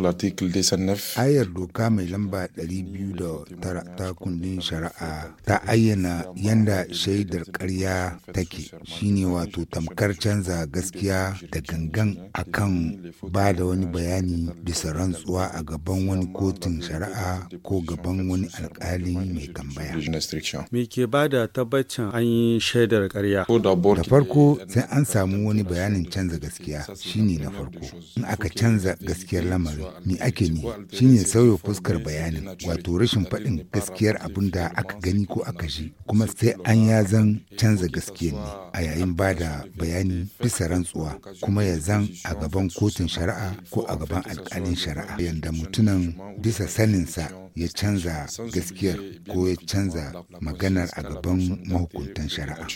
L'article 19. Ayar doka mai lamba 209 ta kundin shari'a ta ayyana yanda shaidar ƙarya take shine wato tamkar canza gaskiya da gangan akan ba da wani bayani bisa rantsuwa a gaban wani kotun shari'a ko gaban wani alkali mai tambaya. Me ke ba da tabbacin an yi shaidar karya. Da farko sai an samu wani bayanin canza gaskiya shine na farko. In aka canza gaskiyar lamarin me ake ne shine sauya fuskar bayanin wato rashin faɗin gaskiyar abin da aka gani ko aka ji kuma sai an ya zan canza gaskiyar ne a yayin ba da bayani bisa rantsuwa kuma ya zan a gaban kotun shari'a ko a gaban alƙalin shari'a yadda mutunan bisa saninsa ya canza gaskiyar ko ya canza maganar a gaban mahukuntan shari'a.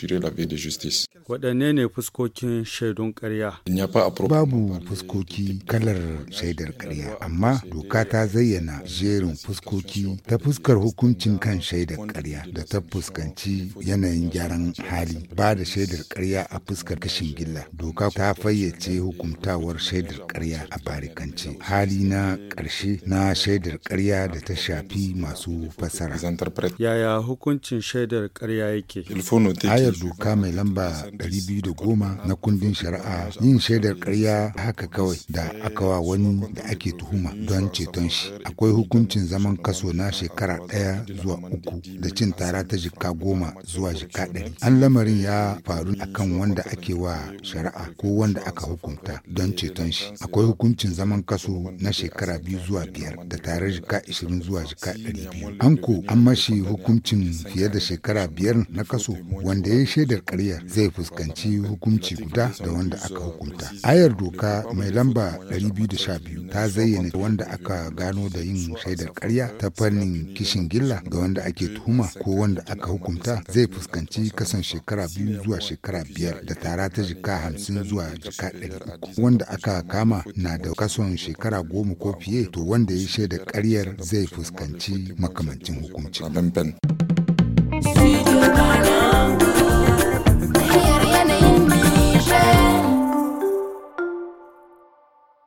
Waɗanne ne fuskokin shaidun ƙarya? Babu fuskoki kalar shaidar ƙarya, amma doka ta zayyana jerin fuskoki ta fuskar hukuncin kan shaidar karya da ta fuskanci yanayin gyaran hali ba da shaidar ƙarya a fuskar kashin gilla. Doka ta fayyace hukuntawar shaidar ƙarya a barikance. Hali na ƙarshe na shaidar karya da ta shafi masu fasara. Yaya hukuncin shaidar karya yake? Ayar doka mai lamba 210 na kundin shari'a yin shaidar karya haka kawai da aka wa wani da ake tuhuma don ceton shi. Akwai hukuncin zaman kaso na shekara ɗaya zuwa uku da cin tara ta jika goma zuwa jika ɗari. An lamarin ya faru akan wanda ake wa shari'a ko wanda aka hukunta don ceton shi. Akwai hukuncin zaman kaso na shekara biyu zuwa biyar da tare jika ishirin zuwa zuwa jika ɗari biyu. Anko an mashi hukuncin fiye da shekara biyar na kaso wanda ya shaidar karya zai fuskanci hukunci guda da wanda aka hukunta. Ayar doka mai lamba 212 ta zayyana wanda aka gano da yin shaidar karya ta fannin kishin gilla ga wanda ake tuhuma ko wanda aka hukunta zai fuskanci kasan shekara biyu zuwa shekara biyar da tara ta jika hamsin zuwa jika ɗari uku. Wanda aka kama na da kason shekara goma ko fiye to wanda ya shaidar karyar zai fuskanci fuskanci makamancin hukunci.